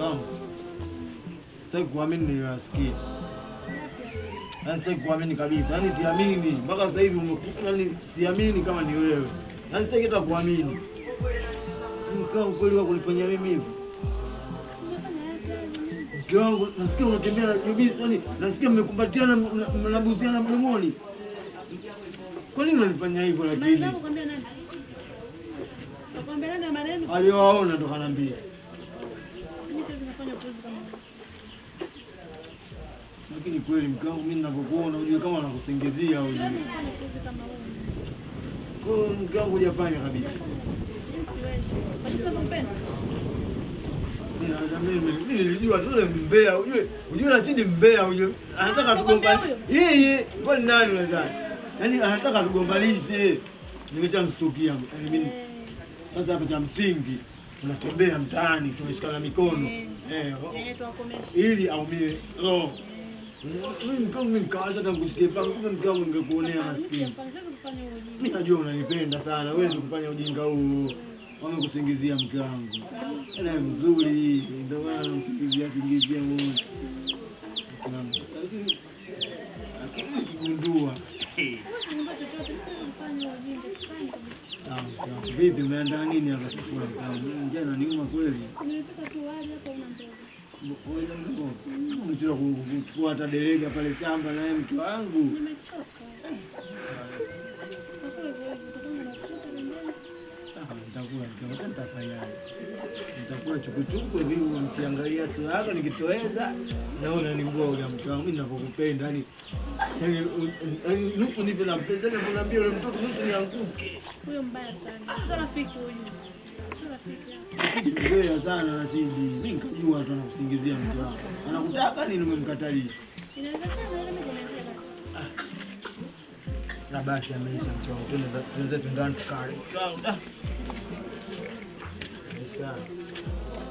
Naam. Sitaki kuamini niliwasikia. Yaani sitaki kuamini kabisa. Yaani siamini. Mpaka sasa hivi umekuja yaani siamini kama ni wewe. Yaani sitaki hata kuamini. Mkao ukweli wa kunifanyia mimi hivi. Mke wangu nasikia unatembea na jubisi, yaani nasikia mmekumbatiana mnabusiana mdomoni. Kwa nini unanifanyia hivyo lakini? Aliwaona ndo kanambia. Lakini kweli mkangu, mimi ninavyokuona unajua kama anakusingizia ujue. Kwa mkangu hujafanya kabisa. Mimi nilijua tu yule mbea, ujue ujue Rashidi mbea, ujue anataka tugombane. Yeye kwani nani unadhani? Yaani anataka tugombanize. Nimeshamstukia yaani mimi. Eh. Sasa hapa cha msingi tunatembea mtaani tumeshikana mikono eh, oh. ili aumie roho. Mkawaza tangu sikie pangu, kumbe mke wangu ningekuonea maskini. Mimi najua unanipenda sana, huwezi kufanya ujinga huo. Wamekusingizia mke wangu naye mzuri, ndio maana msingizia singizia wote Vipi, umeandaa nini hapa chakula? Jana niuma kweli. Umechelewa kuchukua hata delega pale shamba, naye mtu wangu nitakula nikioka, nitafanyaje? Nitakula chukuchuku hivi, mkiangalia sura yako nikitoweza, naona ni mboga ule mtu wangu ninapokupenda, yani yani yaani nusu nipe na mpenzi yake, yaani mwambie yule mtoto nusu nianguke. Huyo mbaya sana, sio rafiki huyo, sio rafiki mbaya sana. Rashidi, mimi nikajua tu anakusingizia mtu wako, anakutaka nini? Umemkatalia, na basi ameisha mtu wangu, tuende tuendane tukale Thank you.